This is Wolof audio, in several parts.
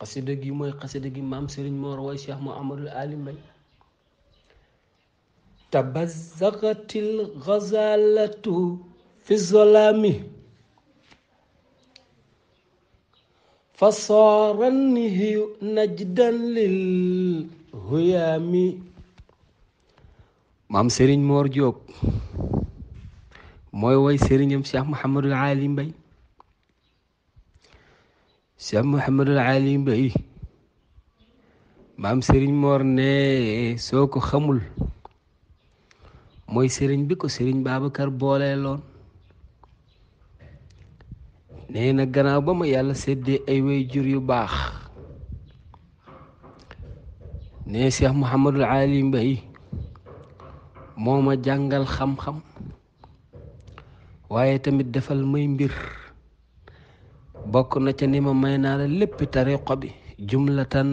قصيده جي موي قصيده جي مام سيرن مور واي شيخ محمد العالم لا تبزغت الغزالة في الظلام فصار النهي نجدا للهيام مام سيرن مور جوك موي واي سيرن شيخ العالم بي cheikh Mouhamadul Ali Mbaye maam sëriñ Mor ne soo ko xamul mooy sëriñ bi ko sëriñ Babacar booleeloon nee na gannaaw ba ma yàlla séddee ay way jur yu baax ne cheikh Mouhamadul Ali Mbaye moo ma jàngal xam-xam waaye tamit defal may mbir bokk na ca ni ma may naa la léppi tariqa bi jumlatan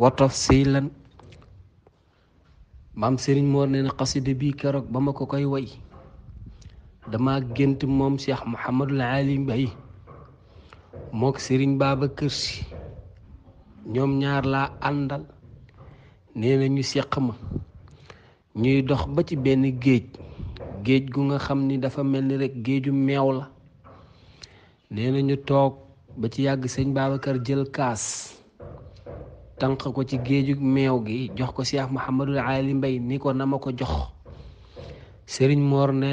wa tafsilan maam Serigne Mor nee na xasida bii keroog ba ma ko koy woy dama gént moom Cheikh Mouhamadul Ali Mbaye mook Serigne Babacar Sy ñoom ñaar laa àndal nee na ñu seq ma ñuy dox ba ci benn géej géej gu nga xam ni dafa mel ni rek géeju meew la nee na ñu toog ba ci yàgg sëñ Babacar jël kaas tanq ko ci géeju meew gi jox ko Cheikh Mouhamadul Ali Mbay ni ko na ma ko jox sëriñ Moor ne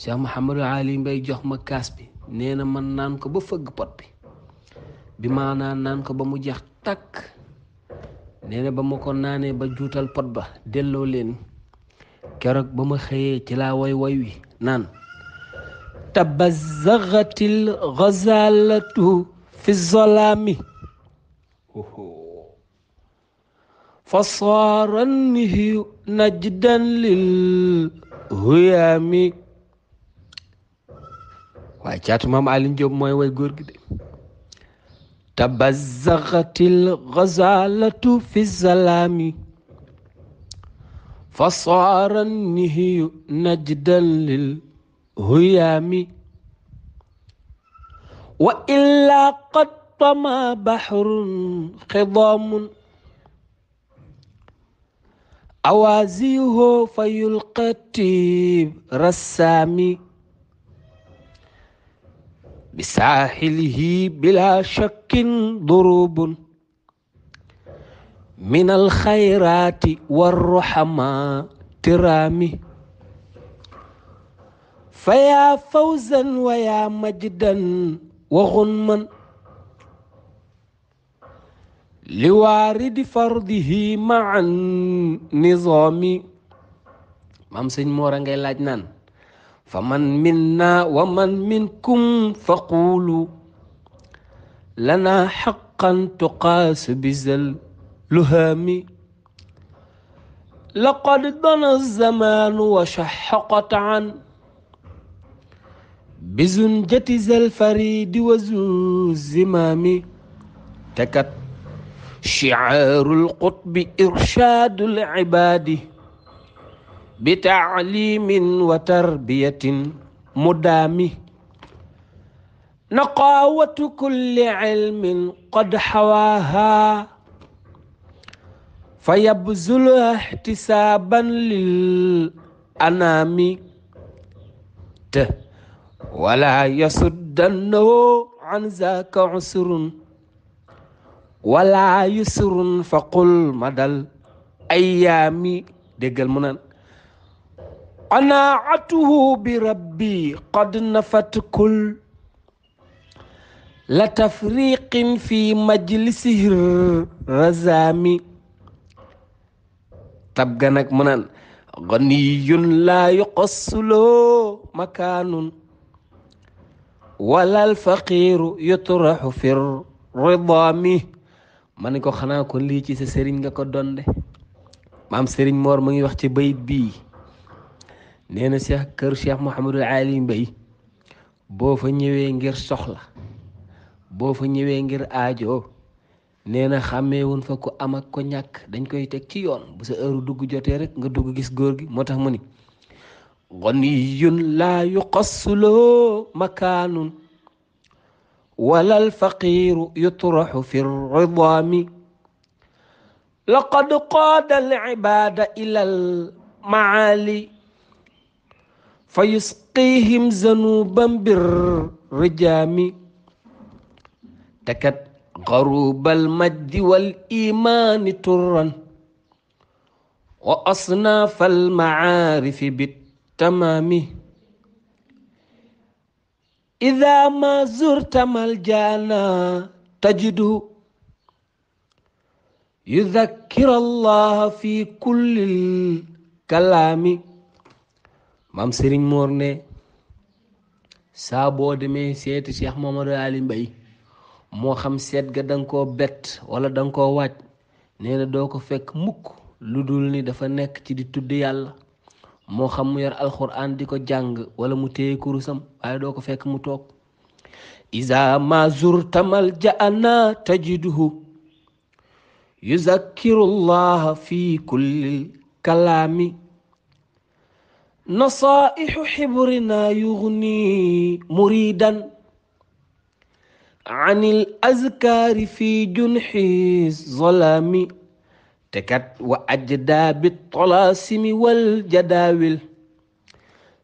Cheikh Mouhamadul Ali Mbay jox ma kaas bi nee na man naan ko ba fëgg pot bi bi ma naan naan ko ba mu jeex takk nee na ba ma ko naanee ba juutal pot ba delloo leen keroog ba ma xëyee ci laa woy woy wi naan تبزغت الغزالة في الظلام فصار نجدا للهيام وعجات مام علي نجوب موي وي تبزغت الغزالة في الظلام فصار النهي نجدا للهيام هيامي وإلا قد طمى بحر خضام أوازيه فيلقى رسامي بساحله بلا شك ضروب من الخيرات والرحمة ترامي فيا فوزا ويا مجدا وغنما لوارد فرضه مع النظام مام سيني مورا نغي فمن منا ومن منكم فقولوا لنا حقا تقاس بذا لهامي لقد ضن الزمان وشحقت عن بزمجة ذا الفريد وزوز الزمام تكت شعار القطب إرشاد العباد بتعليم وتربية مدام نقاوة كل علم قد حواها فيبذل احتسابا للأنام ته ولا يصدنه عن ذاك عسر ولا يسر فقل مدى الأيام دقل منان قناعته بربي قد نفت كل لتفريق في مجلسه الرزام تبقى نك منان غني لا يقص له مكان wala alfaqiiru yutraxu fi ridaami ma ne ko xanaa kon lii ci sa sëriñ nga ko donde maam sëriñ moor mu ngi wax ci bayit bii nee na cheikh kër cheikh mouhamadul ali mbay boo fa ñëwee ngir soxla boo fa ñëwee ngir aajo nee na woon fa ku am ak ko ñàkk dañ koy teg ci yoon bu sa heure dugg jotee rek nga dugg gis góor gi moo tax ma ni غني لا يقص له مكان ولا الفقير يطرح في الرضام لقد قاد العباد إلى المعالي فيسقيهم ذنوبا بالرجام تكت غروب المجد والإيمان ترا وأصناف المعارف بالتالي تمامي إذا ما زرت ملجانا تجد يذكر الله في كل الكلام maam sëriñ Moor ne saa boo demee seeti Cheikh Mamadou Ali Mbaye moo xam seet ga danga ko bet wala danga koo waaj nee doo ko fekk mukk lu dul ni dafa nekk ci di tudd yàlla mo xam mu yar alquran diko jàng wala mu tey kurusam waaye doo ko fekk mu tok iza ma zurta malja'ana tajiduhu yuzakkiru llaha fi kulli kalami نصائح حبرنا يغني مريدا عن الأذكار في جنح الظلام تكت وأجدى بالطلاسم والجداول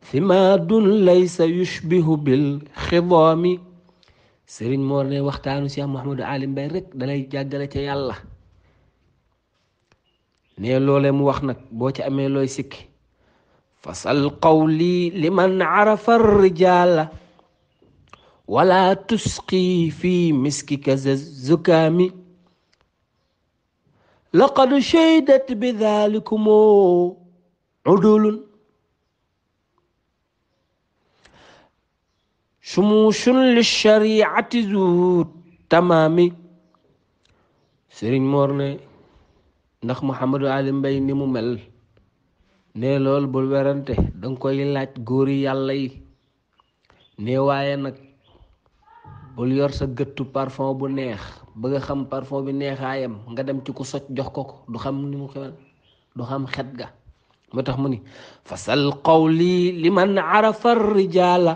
ثماد ليس يشبه بالخضام سيرين مورني وقتانو سي محمود عالم بي رك دالاي جاغالا تي يالا ني لولم واخ نك بو تي امي لوي فصل قولي لمن عرف الرجال ولا تسقي في مسكك زكامي لقد شهدت بذلكم عدول شموش للشريعة ذو تمام سيرين مورني نخ محمد علي مباي نمو مل ني لول بول ورانتي دنكو يلاج غوري يالاي ني وايي بول يور سا غتو بارفون بو نيه bëgg a xam parfum bi neexaayam nga dem ci ku socc jox ko ko du xam ni mu xewal du xam xet ga moo tax mu ni fasal qawli liman arafa rijaala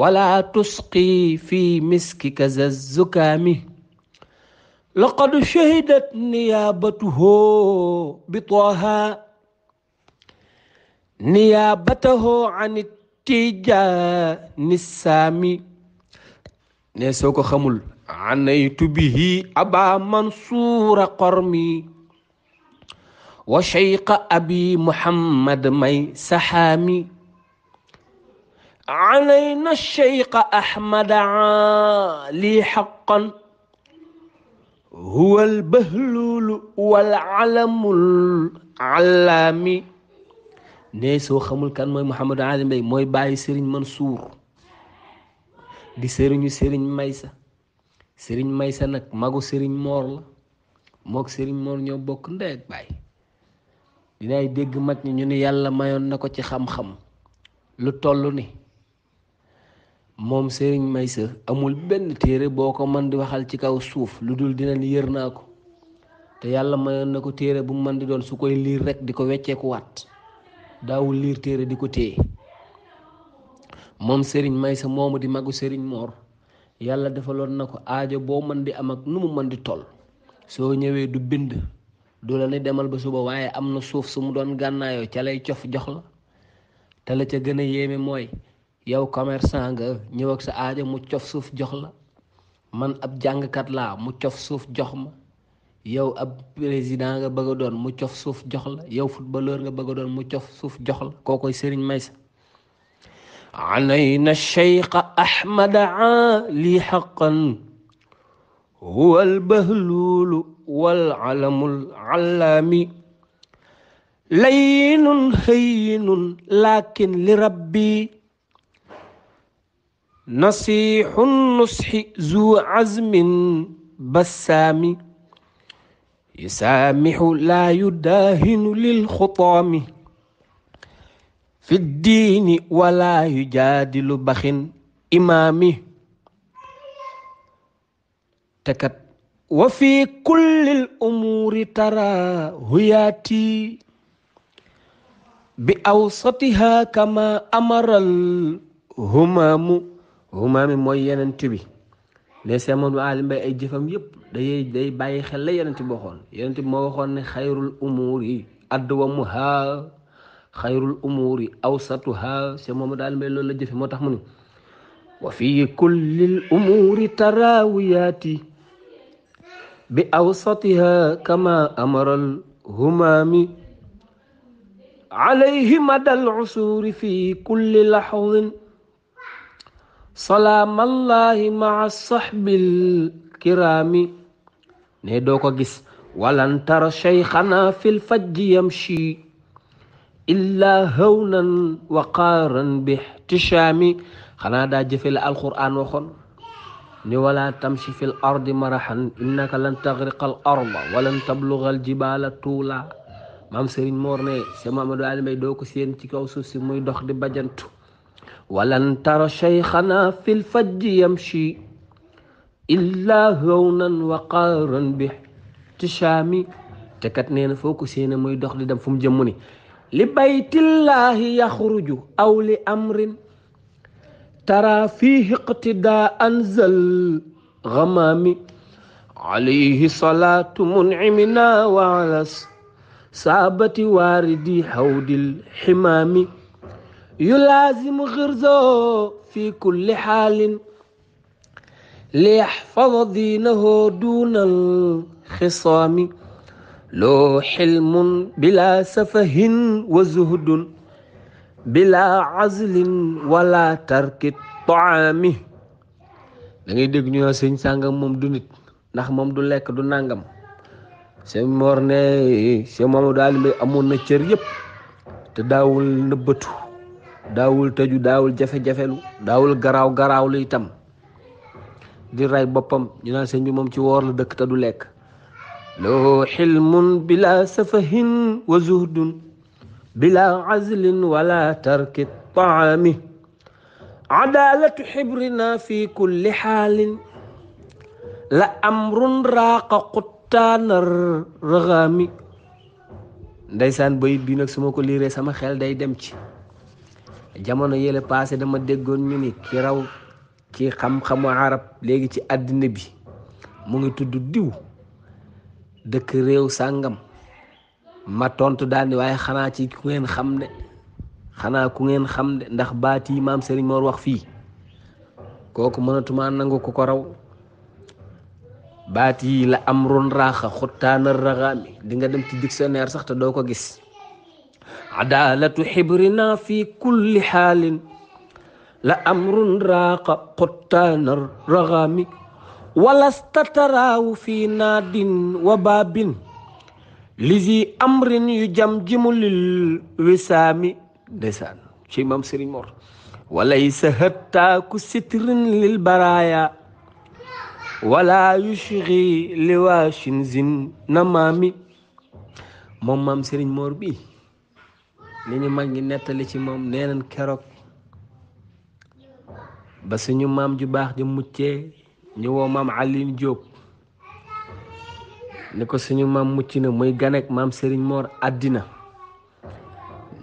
wala tusqi fi miskika zazzukaami laqad shahidat niyaabatuhu bi taaha niyaabatahu an tijaani saami ne soo ko xamul عنيت به أبا منصور قرمي وشيق أبي محمد مي سحامي علينا الشيق أحمد عالي حقا هو البهلول والعلم العلامي نيسو خمول كان موي محمد عالي مي موي باي سيرين منصور دي سيرين سيرين مايسا sëriñ Maysa nag magu sëriñ Moor la mook sëriñ Moor ñoo bokk ndey ak baay dinaay dégg mag ñi ñu ni yàlla mayoon na ko ci xam-xam lu toll ni moom sëriñ Maysa amul benn téere boo ko mën di waxal ci kaw suuf lu dul dina ni yër naa ko te yàlla mayoon na ko téere bu mën di doon su koy liir rek di ko wecceeku waat daawul liir téere di ko téye moom sëriñ Maysa moomu di magu sëriñ Moor yàlla defaloon na ko aajo boo mën di am ak nu mu mën di toll soo ñëwee du bind du la ni demal ba suba waaye am na suuf su mu doon gànnaayoo ca lay cof jox la te la ca gën a yéeme mooy yow commerçant nga ñëw ak sa aajo mu cof suuf jox la man ab jàngkat laa mu cof suuf jox ma yow ab président nga bëgg doon mu cof suuf jox la yow footballeur nga bëgg a doon mu cof suuf jox la koo koy sëriñ Maysa علينا الشيخ أحمد عالي حقا هو البهلول والعلم العلامي لين هين لكن لربي نصيح النصح ذو عزم بسام يسامح لا يداهن للخطام fi diini wala yu jaadilu baxin imaami tekat wa fi kullil umuuri tara huyaati bi awsatiha kama amaral humaamu humaami mooy yenent bi ne seemoon aali mbay ay jëfam yépp day day bàyyi xel la yenent bi waxoon yenent bi moo waxoon خير الأمور أوسطها سيما دال مي لول جيف موتاخ مون وفي كل الأمور تراويات بأوسطها كما أمر الهمام عليه مدى العصور في كل لحظ سلام الله مع الصحب الكرام ني دوكو غيس ولن ترى شيخنا في الفج يمشي إلا هونا وقارا باحتشامي خنا دا جفي القرآن وخون ni wala tamshi fil ardi marahan innaka lan taghriqa al arda wa lan tablugha al jibala tula mam serigne mor ne se mamadou ali may do ko seen ci kaw suuf si muy dox di bajantu ولن ترى شيخنا في الفج يمشي إلا هونا وقارا باحتشامي تكات نين فوكو سينا موي دوخ دي دم فم جموني لبيت الله يخرج أو لأمر ترى فيه اقتداء أنزل غمام عليه صلاة منعمنا وعلى سابة واردي حوض الحمام يلازم غرزه في كل حال ليحفظ دينه دون الخصام له حلم بلا سفه وزهد بلا عزل ولا ترك الطعام da ngay deg ñu sëñ sangam mom du nit ndax mom du lek du nangam sëñ morne ne sëñ mamadou ali na cër yépp te dawul nëbbatu dawul teju dawul jafé jafelu dawul garaw garaw lu itam di ray bopam ñu na sëñ bi ci wor la dekk te du lek له حلم بلا سفه وزهد بلا عزل ولا ترك الطعام عدالة حبرنا في كل حال لأمر راق قطان الرغام ndeysaan bayit bi nag su ma ko liiree sama xel day dem ci jamono yële passé dama déggoon ñu ni ki raw ci xam-xamu arab léegi ci àddina bi mu ngi tudd diw dëkk réew sàngam ma tontu daal ni waaye xanaa ci ku ngeen xam de xanaa ku ngeen xam de ndax baat yi maam Serigne Mor wax fii kooku mënatuma nangu ku ko raw baat yi la am ron raaxa xuttaanar raxaami di nga dem ci dictionnaire sax te doo ko gis adaalatu xibrina fi kulli xaalin la am ron raaxa xuttaanar raxaami ولا استتراو في ناد وباب لذي أمر يجمجم للوسام دسان شي مام سيرين مور وليس هتاك كستر للبرايا ولا يشغي لواش زن نمامي moom مام سيرين مور بي li ñu mag ñi nettali ci moom nee nañ keroog ba suñu maam ñu woo maam Alioune Diop ne ko suñu maam mucc na muy ganek maam Serigne Mor àddina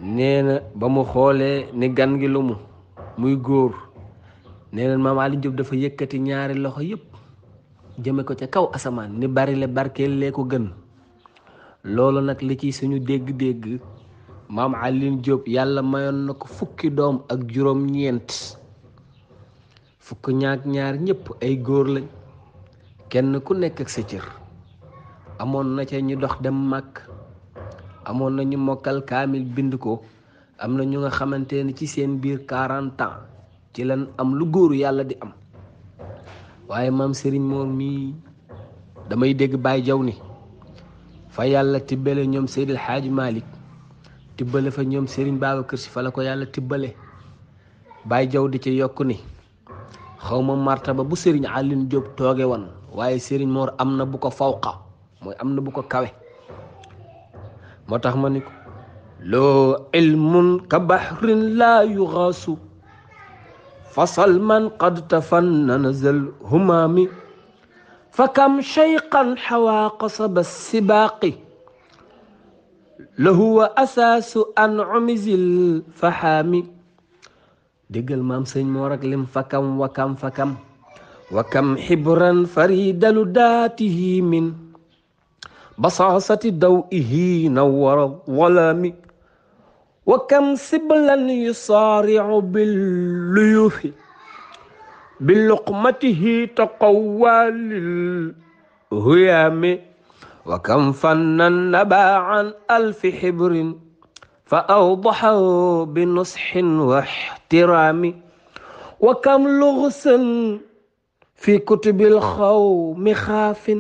nee na ba mu xoolee ni gan gi lumu muy góor nee na maam Alioune Diop dafa yëkkati ñaari loxo yépp jëme ko ca kaw asamaan ni bari le barkeel lee ko gën loolu nag li ci suñu dégg-dégg maam Alioune Diop yàlla mayoon na ko fukki doom ak juróom-ñeent. fukk ñaak ñaar ñépp ay góor lañ kenn ku nekk ak sa cër amoon na ca ñu dox dem màkk amoon na ñu mokkal kaamil bind ko am na ñu nga xamante ne ci seen biir quarante ans ci lan am lu góoru yàlla di am waaye maam sëriñ Mor mii damay dégg Baye Jaw ni fa yàlla tibbale ñoom Seydil Xaaji Malick tibbale fa ñoom Serigne Babacar Si fa la ko yàlla tibbale Baye Jaw di ci yokk ni xawma martaba bu Serigne Aline Diop toge won waye Serigne Mor amna bu ko fawqa moy amna bu ko kawe motax maniko lo ilmun ka bahrin la yughasu fasal man qad tafanna nazal humami fa kam shayqan xawaa qasaba sibaaqi lahuwa asaasu ancumi zil faxaami ديغل مام سيغ مورك لم فكم وكم فكم وكم حبرا فريد لداته من بصاصة ضوئه نور الظلام وكم سبلا يصارع بالليوف بلقمته تقوى للهيام وكم فنن عن ألف حبر فأوضحه بنصح واحترام وكم لغس في كتب القوم خاف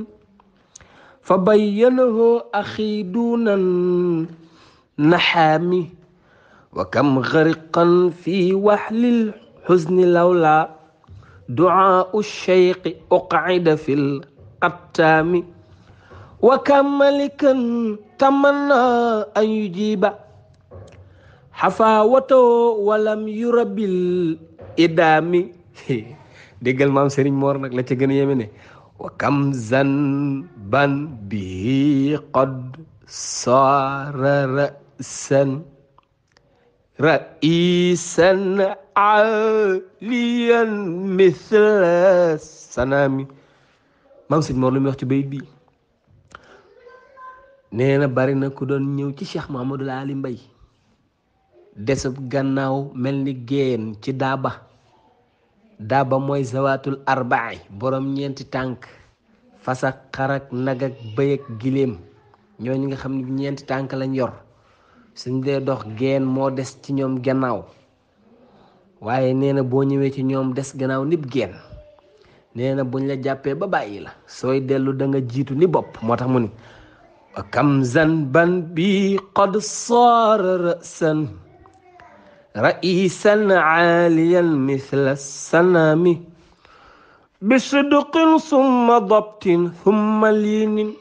فبينه أخي دون النحام وكم غرقا في وحل الحزن لولا دعاء الشيخ أقعد في القتام وكم ملكا تمنى أن يجيب حفاوته ولم يرب الإدام ديغل مام سيرين مور نك لا تي غن يمني وكم زن بن به قد صار رأسا رئيسا عاليا مثل سنامي مام سيرين مور لم يختي بيك بي نينا بارينا كودون نيو تي شيخ محمود العالم بي desub gannaaw mel ni géen ci daaba daaba mooy zawaatul arbaay borom ñeenti tànk fas ak xar ak nag ak bëy ak giléem ñooñu nga xam ni ñeenti tànk lañ yor suñ dee dox géen moo des ci ñoom gannaaw waaye nee na boo ñëwee ci ñoom des gannaaw nib géen nee na buñ la jàppee ba bàyyi la sooy dellu da nga jiitu ni bopp moo tax mu ni wa kam zan ban bi qad saara ra'san رئيسا عاليا مثل السنام بصدق ثم ضبط ثم لين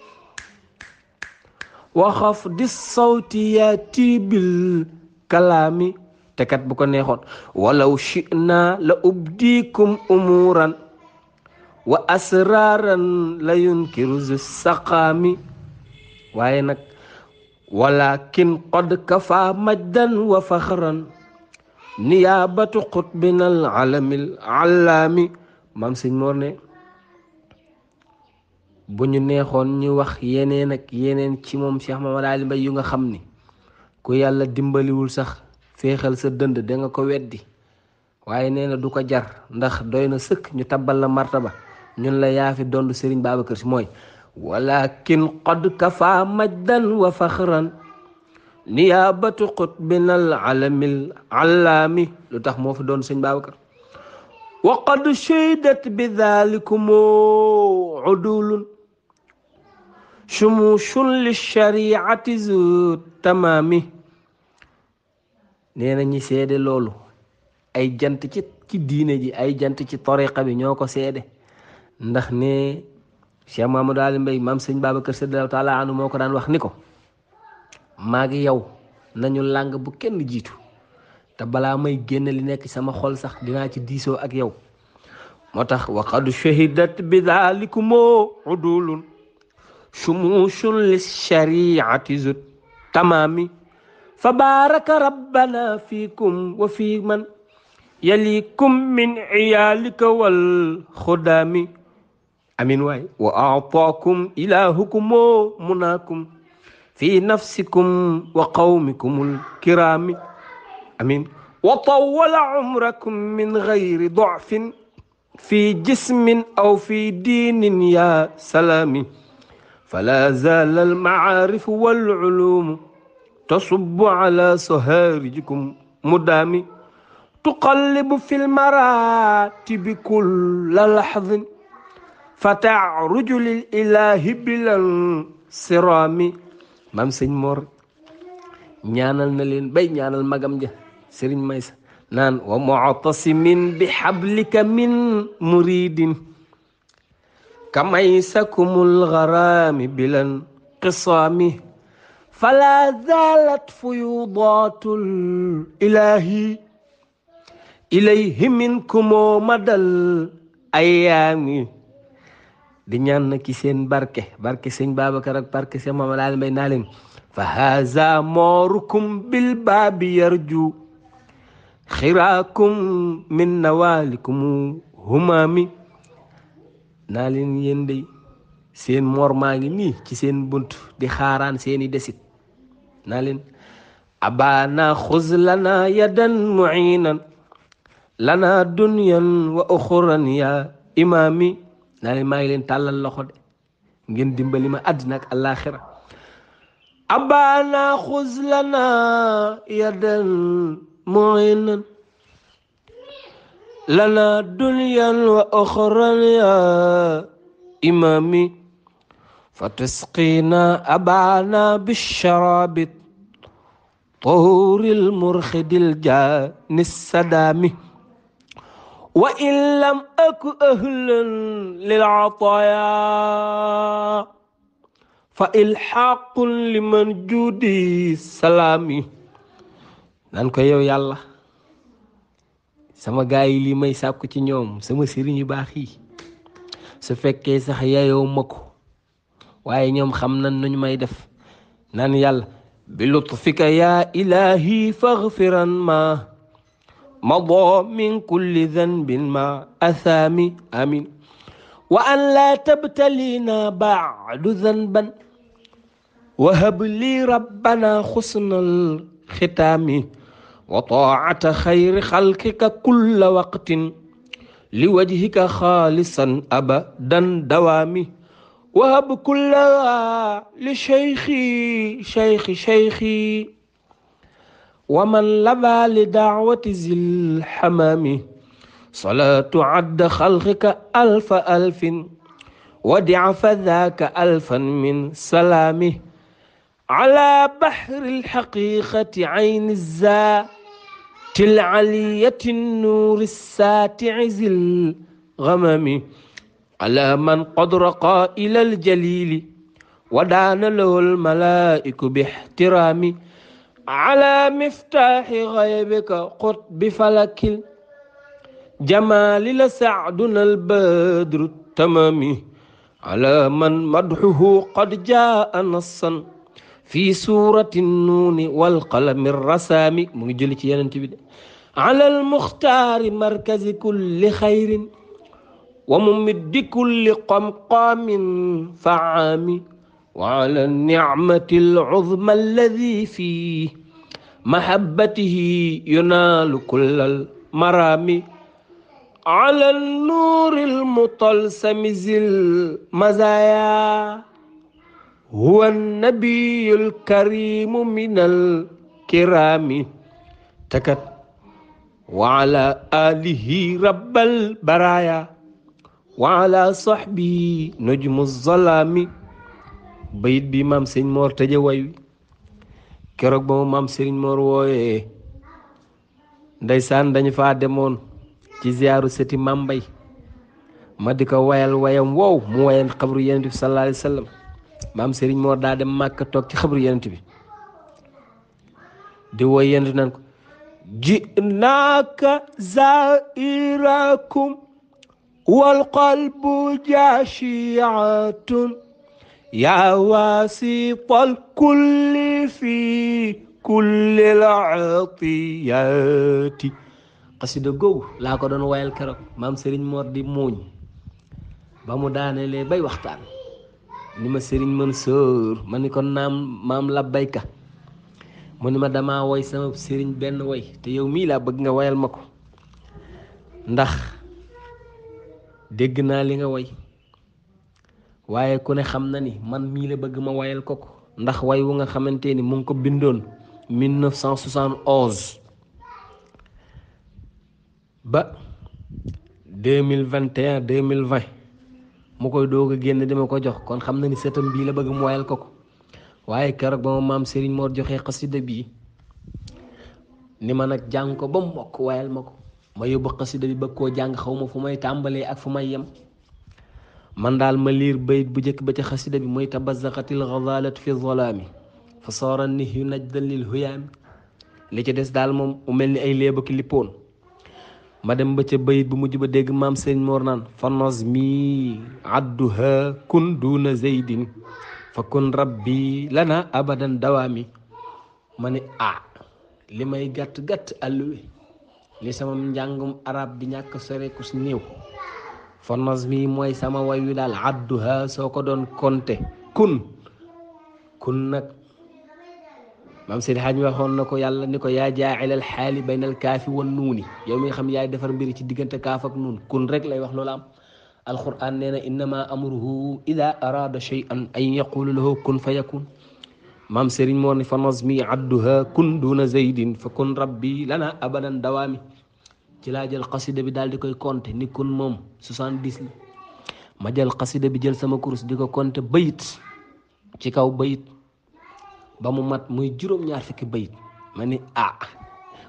وخفض الصوت ياتي بالكلام تكات بوكو نيخون ولو شئنا لأبديكم أمورا وأسرارا لا ينكر ذو السقام وينك ولكن قد كفى مجدا وفخرا ni niyaabatu xutbina al alamil alaami maam sëñ moor ne bu ñu neexoon ñu wax yeneen ak yeneen ci moom Cheikh Mamadou Ali Mbaye yu nga xam ni ku yàlla dimbaliwul sax féexal sa dënd da nga ko weddi waaye nee na du ko jar ndax doy na sëkk ñu tabal la martaba ñun la yaafi dond Serigne Babacar si mooy walakin qad kafa majdan wa faxran niyaabatu qutbin al alamil alaami lu tax moo fi doon sëñ Babacar wa qad shaydat bi dhalikum udulun shumushun li shariati zu tamaami nee na ñi seede loolu ay jant ci ci diine ji ay jant ci tariqa bi ñoo ko seede ndax ne Cheikh Mamadou Ali Mbaye maam sëñ Babacar Sy radiyallahu taala anhu moo ko daan wax ni ko maa ngi yow nañu làng bu kenn jiitu te balaa may génn li nekk sama xol sax dinaa ci diisoo ak yow moo tax wa qad shahidat bi udulun shumushun lishariati zut tamami فبارك ربنا فيكم وفي من يليكم من عيالك والخدام أمين واي وأعطاكم إلهكم مناكم في نفسكم وقومكم الكرام امين وطول عمركم من غير ضعف في جسم او في دين يا سلام فلا زال المعارف والعلوم تصب على سهارجكم مدام تقلب في المراتب كل لحظ فتعرج للاله بلا انصرام maam sëñ Mor ñaanal na leen bay ñaanal magam ja sëriñ Maysa naan wa muctasimin bi xablika min muridin ka maysakumul garaami bilan qisaami fala zalat fuyudatul ilahi ilayhi minkumo madal ayaami di ñaan na seen barke barke sëñ Babacar ak barke sëñ Mama Laali Mbay naa leen fa haza moorukum bil baabi yarju xiraakum min nawaalikumu humaami naa leen seen moor maa ngi ci seen bunt di xaaraan seeni desit naa leen abaana xuz lana yadan muinan lana dunyan wa oxuran ya imaami naa leen maa ngi leen tàllal loxo de ngeen dimbali ma àddina ak àllaaxira abana xuz lana yadan muinan lana dunyan wa oxran ya imami فتسقينا أبعنا بالشراب طهور المرخد الجان السدامي وإن لم أك أهلا للعطايا فإلحاق لمن جودي سلامي nan ko yow yàlla sama gaay yi li may sàkku ci ñoom sama sëriñ yu baax yi su fekkee sax yayoo ma ko waaye ñoom xam nan nuñ may def naan yàlla bi lutfika yaa ilahi faghfiran ma مضى من كل ذنب مع أثام آمين وأن لا تبتلينا بعد ذنبا وهب لي ربنا حسن الختام وطاعة خير خلقك كل وقت لوجهك خالصا أبدا دوامي وهب كل لشيخي شيخي شيخي ومن لبى لدعوة ذي الحمام صلاة عد خلقك ألف ألف ودع فذاك ألفا من سلامه على بحر الحقيقة عين الزا تلعلية النور الساتع ذي الغمم على من قد رقى إلى الجليل ودان له الملائك باحترام على مفتاح غيبك قطب فلك جمال لسعدنا البدر التمام على من مدحه قد جاء نصا في سورة النون والقلم الرسام على المختار مركز كل خير وممد كل قمقام فعام وعلى النعمة العظمى الذي فيه محبته ينال كل المرام على النور المطلسم ذي المزايا هو النبي الكريم من الكرام تكت وعلى آله رب البرايا وعلى صحبه نجم الظلام بيت بمام سين مور تجوي keroog ba mu maam Serigne Mor wooyee ndeysaan dañu faa demoon ci ziyaaru sëti maam Mbay ma di ko wayal wayam wow mu wayan xabru yonent bi sallallahu alayhi wa sallam maam Serigne Mor daa dem màkk toog ci xabru yonent bi di woy yonent nan ko جئناك زائركم والقلب جاشعة يا واسط الكل في كل العطيات قصيدة googu laa ko doon wayal keroog maam Serigne Mor di muuñ ba mu daanelee bay waxtaan ni ma Serigne Mansour ma ni ko naam maam labbayka mu ni ma damaa woy sama Serigne benn woy te yow mii laa bëgg nga wayal ma ko ndax dégg naa li nga woy waaye ku ne xam na ni man mii la bëgg ma wayal ko ko ndax way wu nga xamante ni mu ngi ko bindoon 1971 ba mille 2020 mu koy doog a génn dama ko jox kon xam na ni sëtam bii la bëgg mu wayal ko ko waaye keroog ba ma maam Serigne Mor joxee xasida bii ni ma nag jàng ko ba mu mokk wayal ma ko ma yóbbu xasida bi bëgg koo jàng xaw ma fu may tàmbalee ak fu may yem man daal ma liir bayit bu njëkk ba ca xasida bi mooy tabazaxatil xazaalat fi zolaami fa soora ni yu najdan lil huyaami li ci des daal moom mu mel ni ay léeba ki lippoon ma dem ba ca bayit bu mujj ba dégg maam seen Mor naan fa nos mi adduha kun duuna zeydin fa kun rabbi lana abadan dawaami ma ni ah li may gàtt gàtt àlluwe li sama njàngum arab di ñàkk sore ku fa nazmi mooy sama way wi daal adduha soo ko doon konte kun kun nag maam Seydi Hajj mi waxoon na ko yàlla ni ko yaa jaaxilal xaali baynal kaafi wan nuuni yow mi nga xam yaay defar mbiri ci diggante kaaf ak nuun kun rek lay wax loola am alquran nee na innama amruhu ida arada shay'an an yaqulu lahu kun fa yakun maam Serigne moo ni fa nazmi adduha kun duna zaydin fa kun rabbi lana abadan dawaami ci la jël qasida bi dal di koy compter ni kun mom 70 la ma jël qasida bi jël sama kurs diko ko compter bayit ci kaw beuyit ba mu mat muy juróom-ñaar fekki beuyit mané ni ah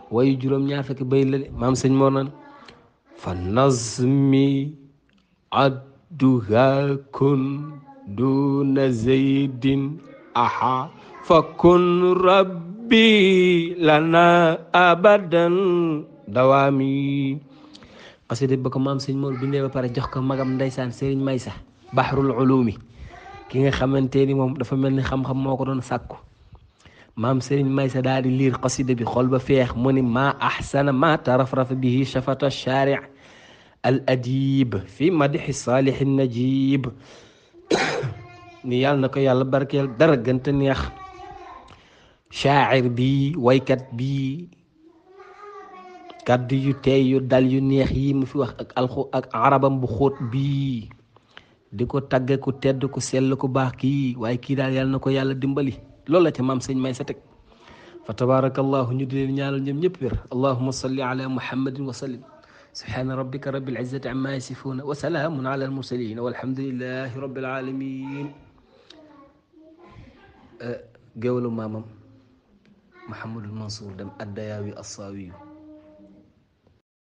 wayu juróom-ñaar fekki bayit la mam maam sëñ moo naan fa nazmi adduha kun duna zeydin aha fa kun rabbi lana abadan dawami qasida bako mam seigne sëñ bindé ba pare jox ko magam ndaysan seigne Maysa bahrul ulumi ki nga xamanteni mom dafa melni xam-xam moko don sàkku mam seigne Maysa dadi lire qasida bi xol ba feex moni ma ahsana ma tarafraf bihi shafata shari' al adib fi salih saalixi najib ni yal nako yàlla barkel dara gënt neex shaacir bi waykat bi kàddu yu teey yu dal yu neex yi mu fi wax ak alxu ak arabam bu xóot bii di ko tagge ku tedd ku sell ku baax kii waaye kii daal yàlla na ko yàlla dimbali loolu la ca maam sëñ may sa teg fa tabarakallahu ñu di leen ñaanal ñoom ñëpp wér allahuma salli ala muhammadin wa sallim subhana rabbika rabbil izzati amma yasifuna wa salaamun ala almursalin walhamdulillahi rabbil alamin géwalu maamam mahamadul mansour dem addayaawi assaawiyu